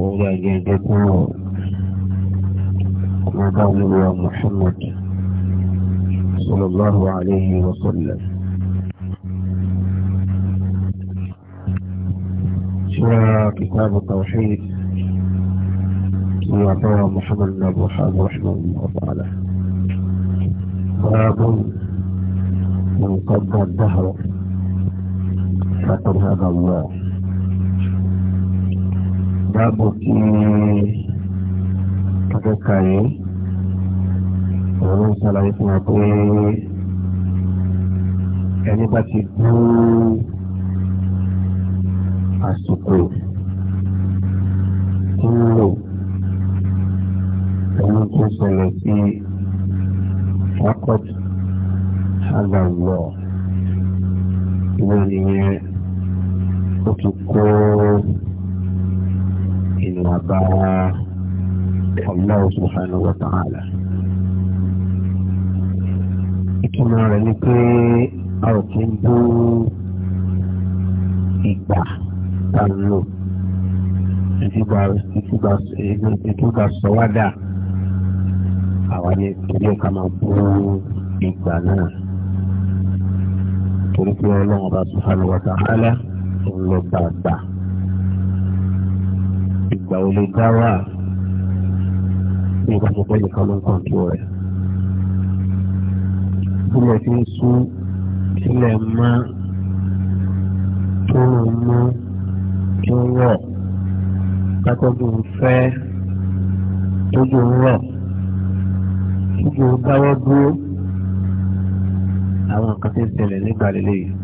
هو جدته وقال محمد صلى الله عليه وسلم سوى كتاب التوحيد وقال محمد بن أبو حاب رحمه الله تعالى باب من قضى الدهر فقد هذا الله báàbò tí akẹ́kọ̀ọ́ yìí òun ń ṣàlàyé fún wa pé ẹni bá ti dú àsìkò tí ń lò ẹni tó ṣẹlẹ̀ sí akọ́tù àgbàgbọ́ ìwé nìyẹn ó ti kó ènìyàn bá Allah subhanahu wa ta'ala. ìtumọ̀ rẹ̀ ni pé a ò kí ń bú ìgbà tá ìtúgbà sọ̀wádà àwa ni torí ọ̀ka máa bú ìgbà náà torí pé ọlọ́run bá subhanahu wa ta'ala ń lọ gbàgbà ìgbà wo lè dá wà bí ìgbà tó bẹ́ẹ̀ nìkan ló ń kàn tó rẹ̀. Sílẹ̀ tí ń sún sílẹ̀ mọ́ tó ń mú tó ń rọ̀ kákọ́gùn fẹ́ tójú ń rọ̀ tójú ń dáwọ́ dúró àwọn nǹkan tí ń ṣẹlẹ̀ nígbà lélẹ́yìí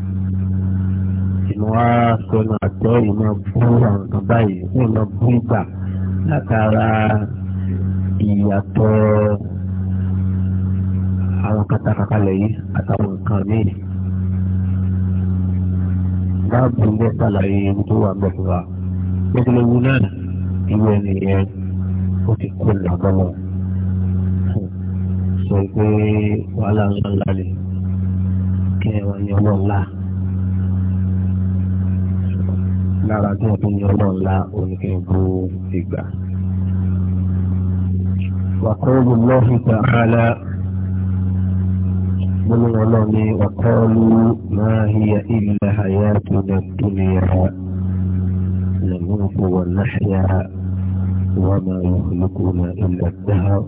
ìmọ̀ wá sọnù àgbọ̀ ìmọ̀ bú àwọn kan báyìí fún ìmọ̀ bú ìgbà látara ìyàtọ̀ àwọn kátàkàkalẹ̀ yìí àtàwọn nǹkan míì. báàbù ilé sàlàyé ewu tó wà bẹ̀ fún wa gbẹ́gbẹ́ ewu náà ìwé ẹnìyẹn ó ti kó làbọ̀lọ̀ sọ pé wàhálà ńlá ńlá ni kí ẹ wà ní ọlọ́ọ̀la. lára tí wọ́n fi ní ọlọ́run ńlá oníkẹ́gbó ìgbà. وقول الله تعالى من الله وقالوا ما هي إلا حياتنا الدنيا نموت ونحيا وما يهلكنا إلا الدهر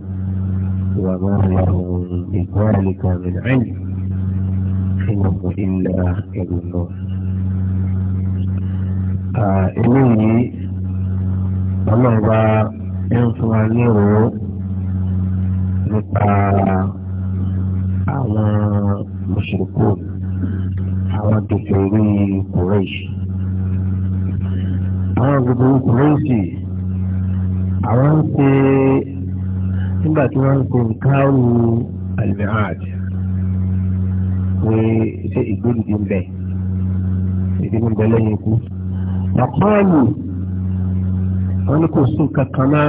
وما لهم بذلك من علم إنه إلا كذب eléyìí ọlọ́ọ̀bá ń fún wa ní ìrò nípa àwọn mùsùlùkù àwọn kèfèrí kùrẹ́ṣì. àwọn gbogbo kùrẹ́ṣì àwọn ń ṣe nígbà tí wọ́n ń ṣe nǹkan ọ̀rù almi'ad pé ṣé ìgbélùdí ń bẹ ìdí ń bẹ lẹ́yìn ikú àpáàlù wọn ni kò sí kankan náà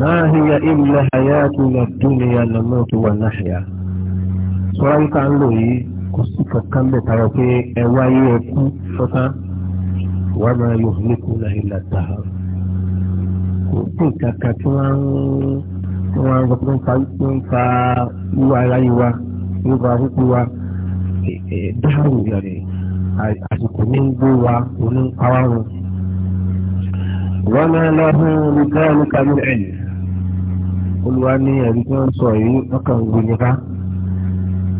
máa ń ya ilẹ̀ àyàtò làdúnìyà lọ́nà tó wà láṣìá sọ́ra yìí ká ń lò yìí kò sí kankan bẹ̀ tayọ pé ẹ wáyé ẹ kú sọ́tán wà máa yọ nípò náà ilà kò sí kankan tí wọ́n ń wọ́n ń gbọ́dọ̀ ń fa wíwá aráyé wa wíwá arúgbó wa dáhùn yàrá àsìkò ní ń gbó wa oní awárun. wọ́n máa lọ fún olùkọ́ olùkàmí ẹ̀yìn olùwà ní ẹ̀rí tí wọ́n sọ yìí wọ́n kàn ń gbóni ká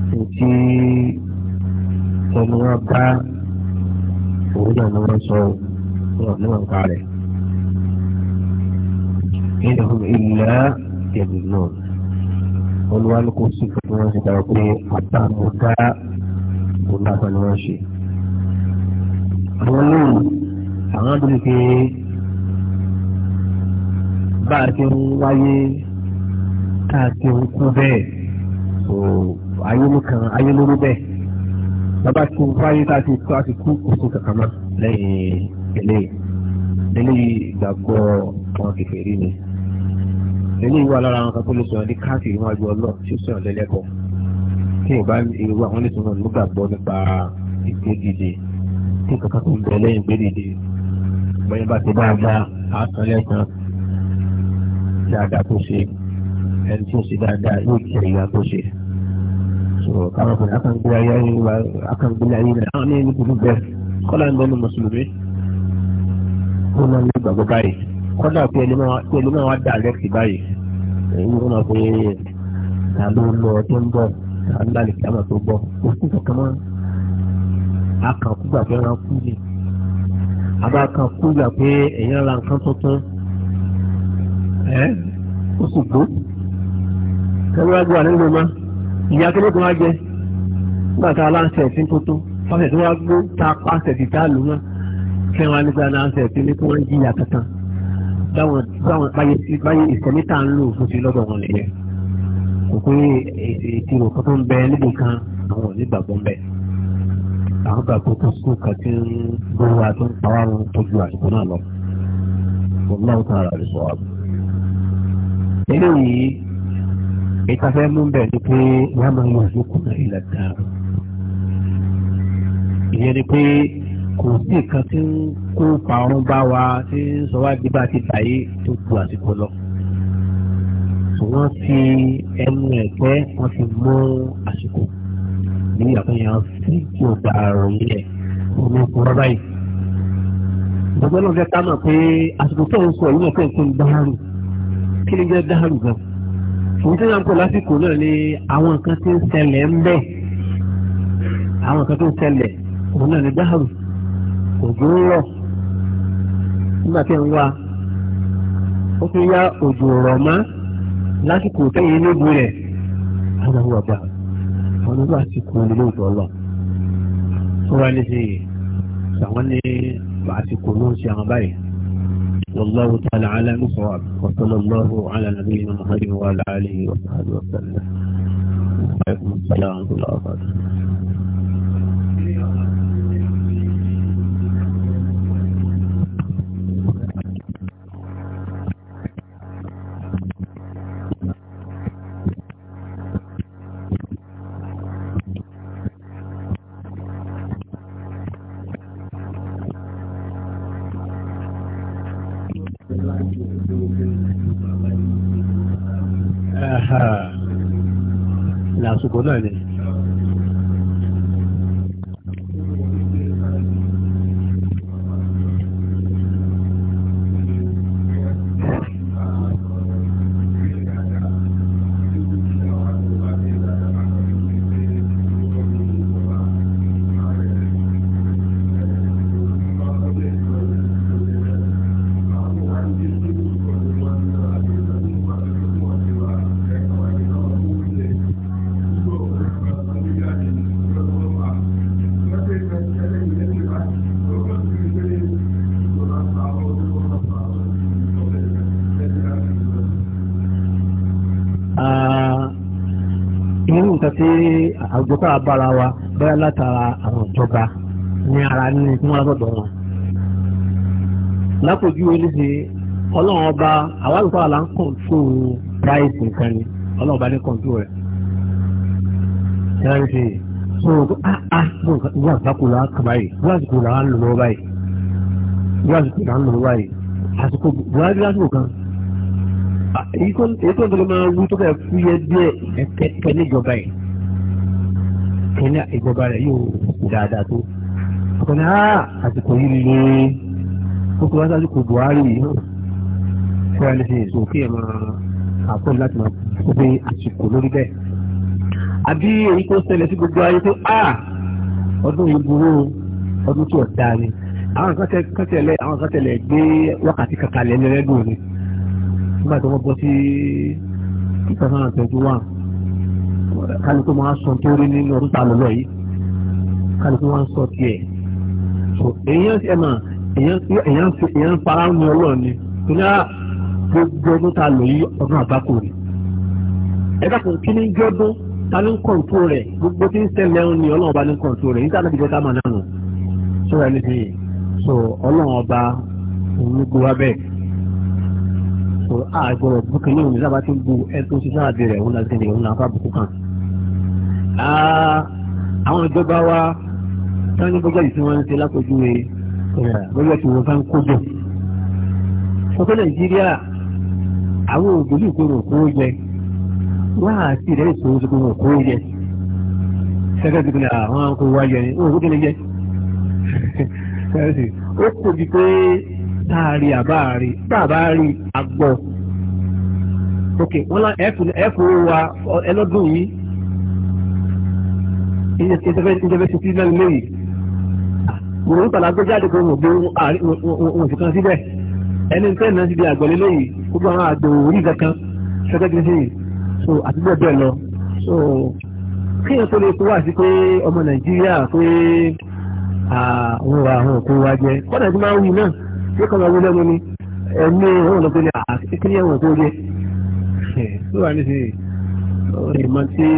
tí ẹni wọn bá òun náà ni wọ́n sọ wọn ní rẹ̀. إنهم إلا يظنون olùwà ní kò sí fún wọn ti dára àwọn náà àwọn adúlù pé bá a ti ń wáyé tá a ti ń kú bẹ́ẹ̀ so ayé nìkan ayé lórí bẹ́ẹ̀ bàbá ti ń wáyé tá a ti kú a ti kú oṣù kankan mọ́ lẹ́yìn eléyìí eléyìí ìgbàgbọ́ àwọn kékeré ni eléyìí wà lára àwọn kan tó lè ní káàkiri wọn ju ọlọ́ tí ó sọ̀rọ̀ lẹ́lẹ́kọ̀ọ́ tí ìbá irú àwọn oníṣòwò nígbàgbọ́ nípa ìgbégide sí kankan tó ń bẹ lẹ́yìn gbèrèdè bẹ́ẹ̀ bá ti dáadáa á san lẹ́sàn dáadáa tó ṣe ẹni tó ṣe dáadáa yóò jẹ ìyá tó ṣe. káwọn ọkùnrin akangbilé ayé wa akangbilé ayé náà àwọn ẹni tó bẹ́ẹ̀ kọ́lá ń bẹ́ẹ̀ ní mùsùlùmí ó náà ní ìgbàgbọ́ báyìí kọ́lá pé ẹni máa wá dàrẹ́kì báyìí èyí ló máa pé ta tó ń bọ̀ ta ń bọ̀ òkú kankan máa akànkúgbà pé ẹran kú ni abakànkúgbà pé ẹ̀yìn ara nǹkan tuntun ẹ̀ ó sì gbó kẹ́wọ́n agbó ànílò má ìyá kí ló kàn á jẹ nígbà tá a láǹṣẹ̀ ẹ̀sìn tuntun fáṣẹ̀ tí wọ́n á gbó ta pàṣẹ dìtà lù mọ́ kẹ́wọ́n anígbà láǹṣẹ̀ ẹ̀sìn ní kí wọ́n jí ìyá kankan báwọn báwọn báyé ìsẹ̀mí tá ń lò fún ti lọ́dọ̀ wọn nìyẹn kò pé ètò ìrò kan tó ń bẹ níbi kan àwọn ò ní gbàgbọ́ bẹ́ẹ̀ àwọn gbà pé kó sùkúù kan tí ń gbówó àti ń pa wọn tó ju àsìkò náà lọ wọn náà tán ara rẹ̀ sọ wà. eléyìí ìtafẹ́ mú bẹ̀ ni pé wọ́n máa yọ àlékún náà ilẹ̀ dáa ìyẹn ni pé kò sí nǹkan tí ń kó parun bá wa tí ń sọ wá di bá dàyé tó ju àsìkò lọ. wọ́n fi ẹnu ẹ̀gbẹ́ wọ́n fi mú àsìkò nàìjíríà fún yàn sí ìjọba àrùn yẹn omi kúrọ́ báyìí. gbogbo náà fẹ́ ká mọ̀ pé àsìkò tó ń sọ yìí náà fẹ́ ń dáhàrù kí ni jẹ́ dáhàrù gan. òun tí wọ́n ń pè lásìkò náà ni àwọn nǹkan tí ń ṣẹlẹ̀ ń bẹ̀ àwọn nǹkan tó ń ṣẹlẹ̀ òun náà ni dáhàrù òjò ń rọ̀ nígbà tí ń wá ó fi yá òjò rọ̀ mọ́ lásìkò tẹ́yìn níbu rẹ̀ àwọn àwọn àgbà àwọn nígbà tí kú ilé ìtọ́ lọ. Sọ́ra ní sí àwọn ní àsìkò náà ṣe àwọn báyìí. والله تعالى على مصواب وصلى الله على نبينا محمد وعلى آله وصحبه وسلم. وعليكم السلام ورحمة الله وبركاته. lásìkò náà ni. àwùjọ tá a wa bẹ́ẹ̀ látara àwọn ìjọba ní ara nínú kí wọ́n lọ́dọ̀ wọn. lápòjúwe níṣe ọlọ́run ọba àwọn àlùfáà àlà ń kọ̀ǹtò price nǹkan ni ọlọ́run ọba ní kọ̀ǹtò rẹ̀. ṣẹlẹ̀ ṣe so ah ah mo nǹkan ìwé àgbákò là ń báyìí lò báyìí lò báyìí àsìkò lásìkò kan èyí tó ń máa wú tó fẹ́ fúyẹ́ díẹ̀ níjọba wọn ní ìjọba rẹ̀ yóò dáadáa tó ọkàn náà àsìkò yìí lè ó ti wá sásìkò Buhari yìí fúra ní ṣe èso kí ẹ máa àkọọ́lù láti máa kó pé àsìkò lórí bẹ́ẹ̀ àbí èyí tó ṣẹlẹ̀ sí gbogbo ayé pé a ọdún yìí burú ọdún tí ọ̀dà ni àwọn kátẹ̀lẹ̀ àwọn kátẹ̀lẹ̀ gbé wákàtí kàkàlẹ̀ lẹ́rẹ́dùn ni nígbà tí wọ́n bọ́ sí two thousand and twenty one kálukú máa sọ tó rí nínú ọdún tá a lọ lọ yìí kálukú máa sọ tiẹ̀ so èèyàn ẹ mà èèyàn fi èèyàn fara ní ọlọ́run ni tó ní à gbogbo ọdún tá a lọ yìí ọdún àgbákò rẹ̀ ẹ dákun kí ni jọ́dún ta ní kọ̀ǹtò rẹ̀ gbogbo tí ń ṣẹlẹ̀ ń ní ọlọ́run ọba ní kọ̀ǹtò rẹ̀ nígbà náà ìjọba máa nànú so ẹni fi so ọlọ́run ọba òun gbó wa bẹ́ẹ̀ so àgbọ̀rọ̀ bukini òun ní sábà ti bu ẹ tó àdé rẹ̀ òun láti ní òun náà fà bùkún kan àwọn ìjọba wa táwọn ní bọ́jọ́ ìsìn wọn ń ṣe lápòjúwe bọ́jọ́ tí wọ́n bá ń kójọ. sọ́kọ́ nàìjíríà àwọn ògbólú ìkóró kó jẹ wọ́n àti ìrẹ́ ìṣòro tó kóró kó jẹ. sẹ́kẹ́ ti pinnu àwọn akó wá jẹ ní òun kó tẹ́lẹ̀ jẹ. ó kò di pé táàrí àbáàrí bàbáàrí àgbọ̀. ok wọ́n lá ẹ̀fù wa ẹlọ́dún yìí ìjẹfẹ́ ti ti lẹ́nu léyìí mo ń tàlà gbéjáde pé mo gbé òun sì kan síbẹ̀ ẹni tẹ́ náà ti di àgbẹ̀lẹ́ léyìí gbogbo àwọn àgbẹ̀ òórí kankan ṣẹ́gẹ́ gidi sí so àti bẹ́ẹ̀ bẹ́ẹ̀ lọ so kéèyàn tó lè kó wá sí pé ọmọ Nàìjíríà pé àwọn àwọn òkú wa jẹ kọ́nà tí máa ń wí náà yóò kọ́ máa wí lẹ́nu ni ẹ̀mí òun lọ́pẹ́ ní àkíní ẹ̀wọ̀n tó jẹ. ló wà nísìnyí ọ̀rẹ́ ìmọ̀ tí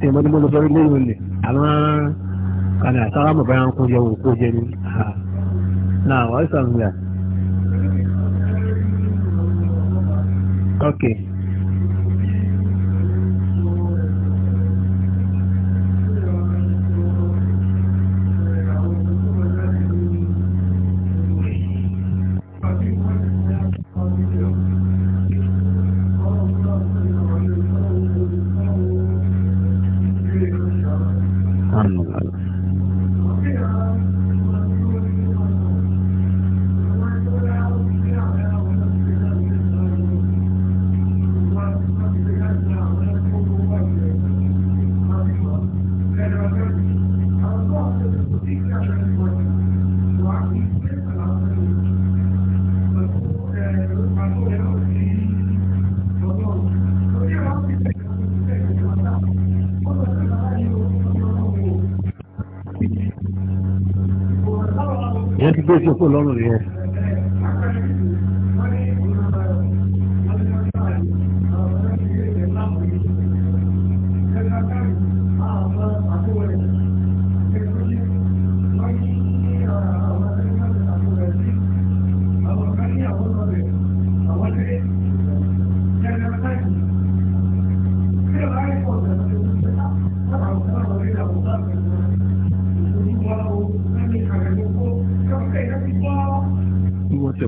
tí ìmọ̀ ní mo lọ sọ ilé ìwé lè kan kàdà sára mọ̀ báyà ń kó jẹ òun kó jẹ ní. náà wọ́n sọ̀rọ̀ yà. okay. bó ṣe kó lọ́rùn nìyẹn.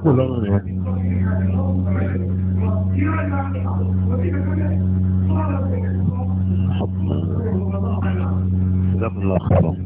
ṣe lọ́rùn rẹ̀ ni. Ìjọba ń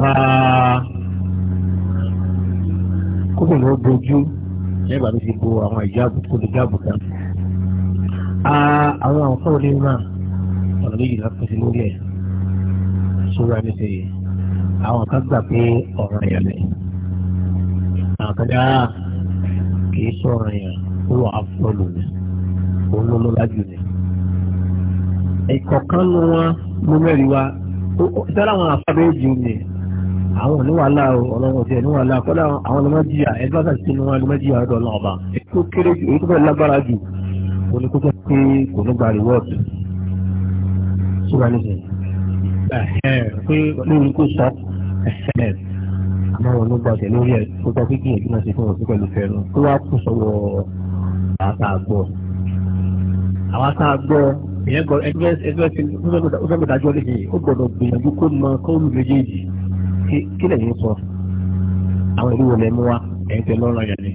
fa kókò ló bojú nígbà tó ti bo àwọn ìjáàbù tó lè jáàbù kan. àwọn àǹfọ̀ lè mà ọ̀nà méjì náà pèsè lórí ẹ̀ sórí ẹni ṣe àwọn kan gbà pé ọ̀ràn yẹn lẹ̀. àwọn kan dá ah, kì í sọ̀ràn yẹn ó wà áfọ́lù ni òun ló lọ́lá jù ni. ìkọ̀kan nu wọn mú mẹ́rin wa sára àwọn àfáàbẹ́ jù ni àwọn oníwàlá ọlọ́run ọ̀sẹ̀ oníwàlá kọ́lá àwọn ọlọ́mọdíyà ẹgbẹ́ àti sínú wọn ọlọ́mọdíyà ọ̀dọ̀ ọlọ́ọ̀bà tó kéré jù èyí tó fẹ́ lágbára jù kò ní kó tó pé kò ní gba rìwọ́ọ̀dù tó wà nísìn pé lórí kó sọ àmọ́ wọn ló gba ọ̀sẹ̀ lórí ẹ̀ tó tọ́ pínpín ìdúná sí fún òsì pẹ̀lú fẹ́ẹ́ tó wá kó sọ́wọ́ àtàgbọ́ àwọn àtàgbọ́ ìyẹn gbọ́ ẹgbẹ́ ẹgbẹ́ ó fẹ́ gbọ́dájọ́ lè ṣe ó gbọ́dọ̀ gbìyànjú kó mọ kó lù méjèèjì kí lẹ́yìn sọ àwọn ìlú wo lẹ mú wa ẹ̀yìn tẹ lọ́rọ̀ yàn ni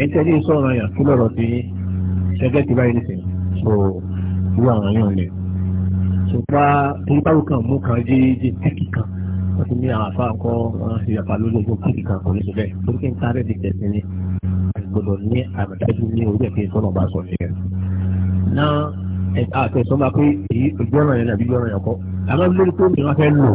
ẹ̀yìn tẹ ní sọ̀rọ̀ yàn kí lọ́rọ̀ ti ṣẹgbẹ́ ti báyìí nìsín so irú àwọn yàn lẹ̀ ṣùgbọ́n torí báwo kan mú kan jẹ́ jẹ́ tíkì kan wọ́n ti ní àwọn afá ńkọ́ wọn ṣe yàtọ̀ lórí ọjọ́ tíkì kan kò ní ṣe bẹ́ẹ̀ torí kí n sáré di tẹ̀sí ni gbọdọ̀ ní àbàdájú ní orí ẹ̀kẹ́ sọ́nà bá sọ nìyẹn. náà àtẹ̀sọ́ máa pé èyí ojú ọ̀nà yẹn nàbí ojú ọ̀nà yẹn kọ́ àmọ́ lórí pé òmìnira fẹ́ lò ó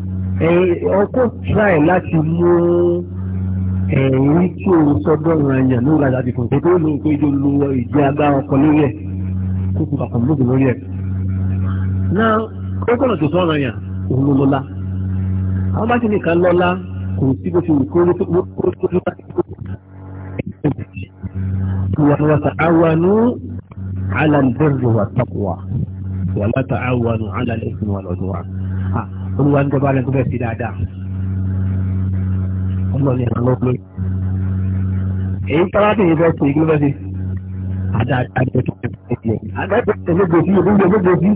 ọkọ̀ try láti mú ẹ̀rí tí o sọ́dọ̀rọ̀ ẹ̀yàn ló rajà dìbò tó tó lóun pé ìjọ lu ìdí agbára ọkọ̀ lórí ẹ̀ kó kó bàtà lóògùn lórí ẹ̀. náà kókòrò tó sọ̀rọ̀ ẹ̀yàn òun ló lọ́lá àwọn bá ti nìkan lọ́lá kò sí bó ti wù kó ló tó kó ló bá ti kó. wàlúwà tààwánú alàlùbẹ́rù wà tàkùwà wàlúwà tààwánú alàlùbẹ́rù wà lọ́dún wa olúwa ń jọba rẹ̀ tó bẹ̀ sí dáadáa ọlọ́run ní àwọn ọlọ́pẹ́ èyí sábàbí yìí fẹ́ ṣe ìgbé fẹ́ ṣe àdáàdàgbẹ̀tẹ̀ àdáàdàgbẹ̀tẹ̀ ló gbòsí ìlú ló gbòsí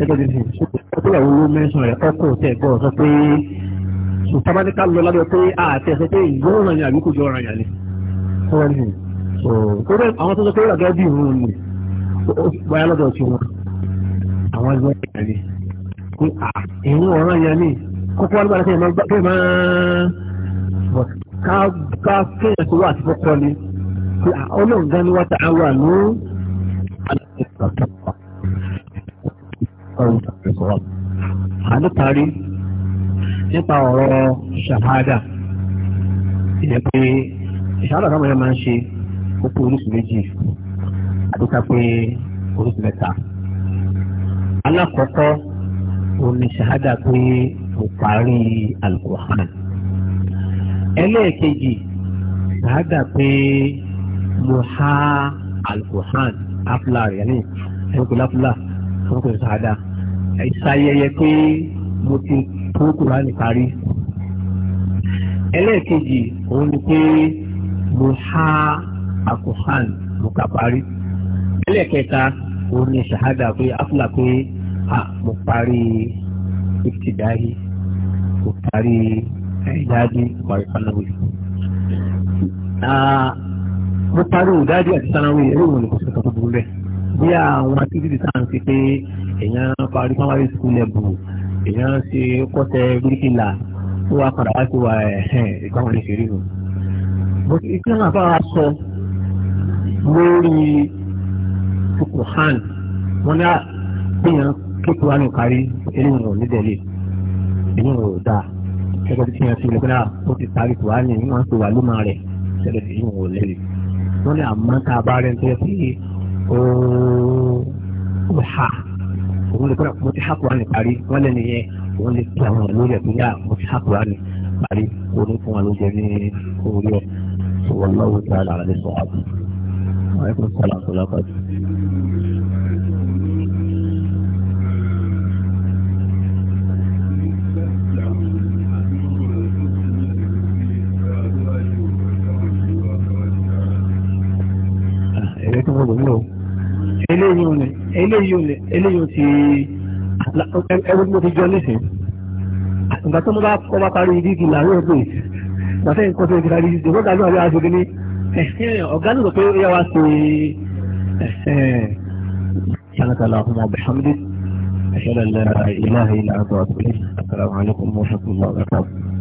ẹgbẹ́ ti fi ọkùnrin àwọn owó mẹ́sàn rẹ̀ ọkọ̀ tẹ̀ gbọ́ sọ pé sùtábánikà lọ lábẹ́ pé àti ah, ẹ̀sẹ̀ pé ìgbóhùn ràn yàn àbíkú jọ ràn yàn ni wọ́n ní tó bẹ́ẹ̀ àwọn tó sọ pé àgbẹ̀ bí ìrùn ni báyà lọ́dọ̀ ti wọn àwọn ẹgbẹ́ rẹ̀ ni pé ìrún ọ̀ràn yẹn ni kókó wọn gbàdá kéèyàn máa kéèyàn máa ká bá kéèyàn tó wà àti kókó ni pé ọlọ́run gan ni wọ́n ta àwọn àlọ́ àdóparí nípa ọ̀rọ̀ ṣàhádà ìyẹn pé ìṣàhádà táwọn yẹn máa ń ṣe ó pé oríṣi méjì àdókà pé oríṣi mẹ́ta alákọ̀ọ́kọ́ ó ní ṣahada pé ó parí alukuhan ẹlẹ́ẹ̀kejì ṣahada pé mo há alukuhan afla rẹ̀ ní ẹnìkan láfúlà fún kò ṣahada ìṣayẹyẹ pé mo ti tó kúránì parí ẹlẹ́ẹ̀kejì òun ni pé alukuhan mo kà parí ẹlẹ́ẹ̀kẹta òun ni ṣahada afla pé. Ah, mo parí ìtìdáyé mo parí ìdádi parí sanáwé mo parí ah, ìdádi àti sanáwé eré ìwọ̀n ní kò sí kankan burú rẹ̀ bí àwọn akíndìdì tá à ń ṣe pé èèyàn parí primary school level èèyàn ṣe kọ́sẹ̀ bíríkìlà ó wá padà wá sí wa ẹ̀hẹ́n ìgbàwọn ní ṣeré nù. ìpínlẹ̀ náà fara sọ lórí kùkùhán wọn ní àpéyàn kíkù wánú kárí eléyìí ò ní tẹ̀lé eléyìí ò dáa ṣẹ́gbẹ́ tí wọ́n ti lè gbọ́dọ̀ ó ti parí kùránì wọ́n ti wà lómọ rẹ̀ ṣẹ́gbẹ́ tí yìí ò lẹ́lẹ̀ wọ́n ní àmọ́ tá a bá rẹ̀ ń tẹ́ sí ó ha òun lè gbọ́dọ̀ mo ti ha kùránì parí wọ́n lẹ́nu yẹn òun lè kí àwọn ìlú rẹ̀ tó mo ti ha kùránì parí òun fún wa ló jẹ ní orí ẹ̀ wọ́n lọ́wọ́ tí a lára lè sọ àbí. wàhálà ìkọ́sọ́ àlàkùnrin lòmíràn o eléyìí ni eléyìí ni eléyìí ti ẹgbẹ́ mo ti jọ nísìn ìgbà tó mo bá kọ́ bá parí ìdí ìgbìlá rẹ̀ pé gbàtẹ́ nǹkan tó ń gbìlá rí ìdí ìgbà tó àwọn aṣojú ní ọ̀gá nínú pé ó yá wa ṣe ṣàlàkàlà ọ̀hún ọ̀bẹ̀hámdí ẹ̀ṣẹ́ lẹ́lẹ́ ilé àìlà àbọ̀ àbúlé